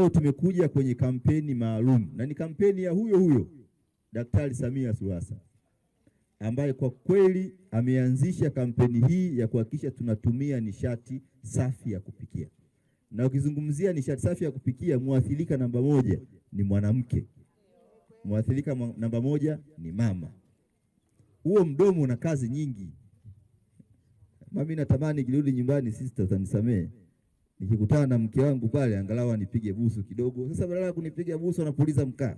leo tumekuja kwenye kampeni maalum na ni kampeni ya huyo huyo Daktari Samia Suluhu Hassan ambaye kwa kweli ameanzisha kampeni hii ya kuhakikisha tunatumia nishati safi ya kupikia. Na ukizungumzia nishati safi ya kupikia, mwathirika namba moja ni mwanamke, mwathirika namba moja ni mama. Huo mdomo una kazi nyingi. Mami, natamani kirudi nyumbani, sister, utanisamehe nikikutana na mke wangu pale angalau anipige busu kidogo. Sasa badala ya kunipiga busu anapuliza mkaa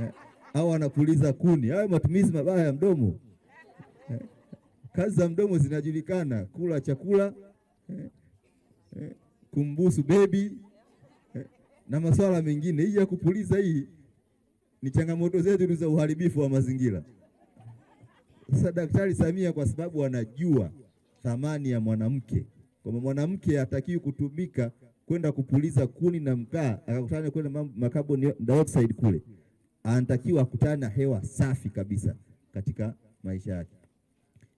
eh, au anapuliza kuni. Hayo matumizi mabaya ya mdomo eh, kazi za mdomo zinajulikana: kula chakula eh, eh, kumbusu bebi eh, na masuala mengine. Hii ya kupuliza hii ni changamoto zetu za uharibifu wa mazingira. Sasa Daktari Samia kwa sababu anajua thamani ya mwanamke kwamba mwanamke hatakiwi kutumika kwenda kupuliza kuni na mkaa akakutana kwenda na carbon dioxide kule, anatakiwa akutane na hewa safi kabisa katika maisha yake.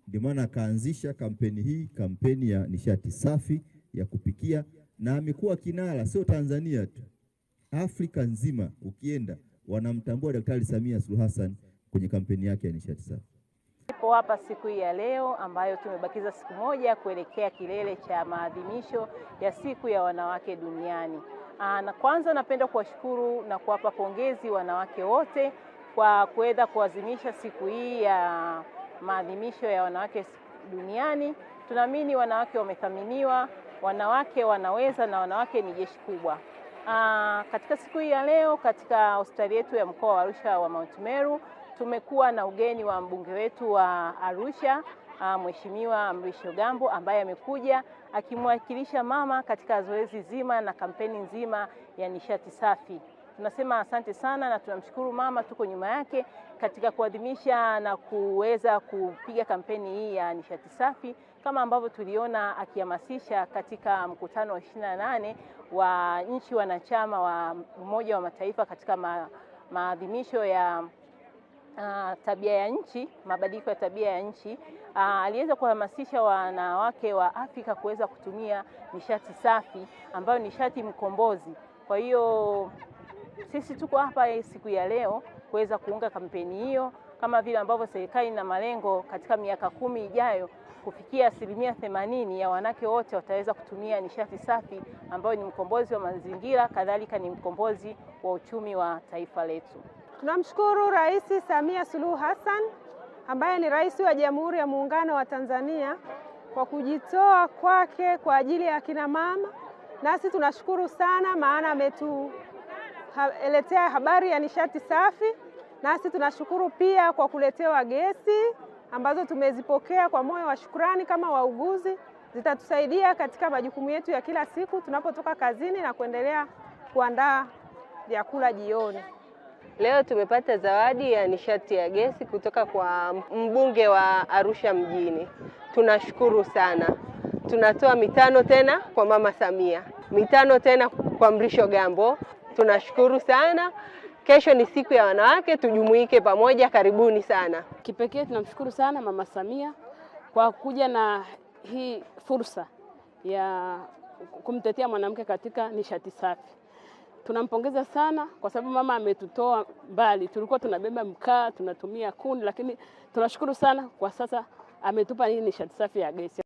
Ndio maana akaanzisha kampeni hii, kampeni ya nishati safi ya kupikia, na amekuwa kinara, sio Tanzania tu, Afrika nzima. Ukienda wanamtambua Daktari Samia Suluhu Hassan kwenye kampeni yake ya nishati safi. Tupo hapa siku hii ya leo ambayo tumebakiza siku moja kuelekea kilele cha maadhimisho ya siku ya wanawake duniani. Aa, ah, na kwanza napenda kuwashukuru na kuwapa pongezi wanawake wote kwa kuweza kuadhimisha siku hii ya maadhimisho ya wanawake duniani. Tunaamini wanawake wamethaminiwa, wanawake wanaweza na wanawake ni jeshi kubwa. Aa, ah, katika siku hii ya leo katika hospitali yetu ya mkoa wa Arusha wa Mount Meru tumekuwa na ugeni wa mbunge wetu wa Arusha ah, Mheshimiwa Mrisho Gambo ambaye amekuja akimwakilisha mama katika zoezi zima na kampeni nzima ya nishati safi. Tunasema asante sana na tunamshukuru mama, tuko nyuma yake katika kuadhimisha na kuweza kupiga kampeni hii ya nishati safi, kama ambavyo tuliona akihamasisha katika mkutano wa 28 wa nchi wanachama wa Umoja wa Mataifa katika ma, maadhimisho ya uh, tabia ya nchi, mabadiliko ya tabia ya nchi. Uh, aliweza kuhamasisha wanawake wa Afrika kuweza kutumia nishati safi ambayo nishati mkombozi. Kwa hiyo sisi tuko hapa siku ya leo kuweza kuunga kampeni hiyo, kama vile ambavyo serikali ina malengo katika miaka kumi ijayo kufikia asilimia themanini ya wanawake wote wataweza kutumia nishati safi ambayo ni mkombozi wa mazingira, kadhalika ni mkombozi wa uchumi wa taifa letu. Tunamshukuru Rais Samia Suluhu Hassan ambaye ni rais wa Jamhuri ya Muungano wa Tanzania kwa kujitoa kwake kwa ajili ya kinamama mama, nasi tunashukuru sana, maana ametu kueletea habari ya nishati safi. Nasi tunashukuru pia kwa kuletewa gesi ambazo tumezipokea kwa moyo wa shukrani kama wauguzi, zitatusaidia katika majukumu yetu ya kila siku tunapotoka kazini na kuendelea kuandaa vyakula jioni. Leo tumepata zawadi ya nishati ya gesi kutoka kwa mbunge wa Arusha mjini. Tunashukuru sana. Tunatoa mitano tena kwa Mama Samia, mitano tena kwa Mrisho Gambo. Tunashukuru sana. Kesho ni siku ya wanawake, tujumuike pamoja. Karibuni sana. Kipekee tunamshukuru sana Mama Samia kwa kuja na hii fursa ya kumtetea mwanamke katika nishati safi. Tunampongeza sana kwa sababu mama ametutoa mbali, tulikuwa tunabeba mkaa, tunatumia kuni, lakini tunashukuru sana kwa sasa ametupa hii nishati safi ya gesi.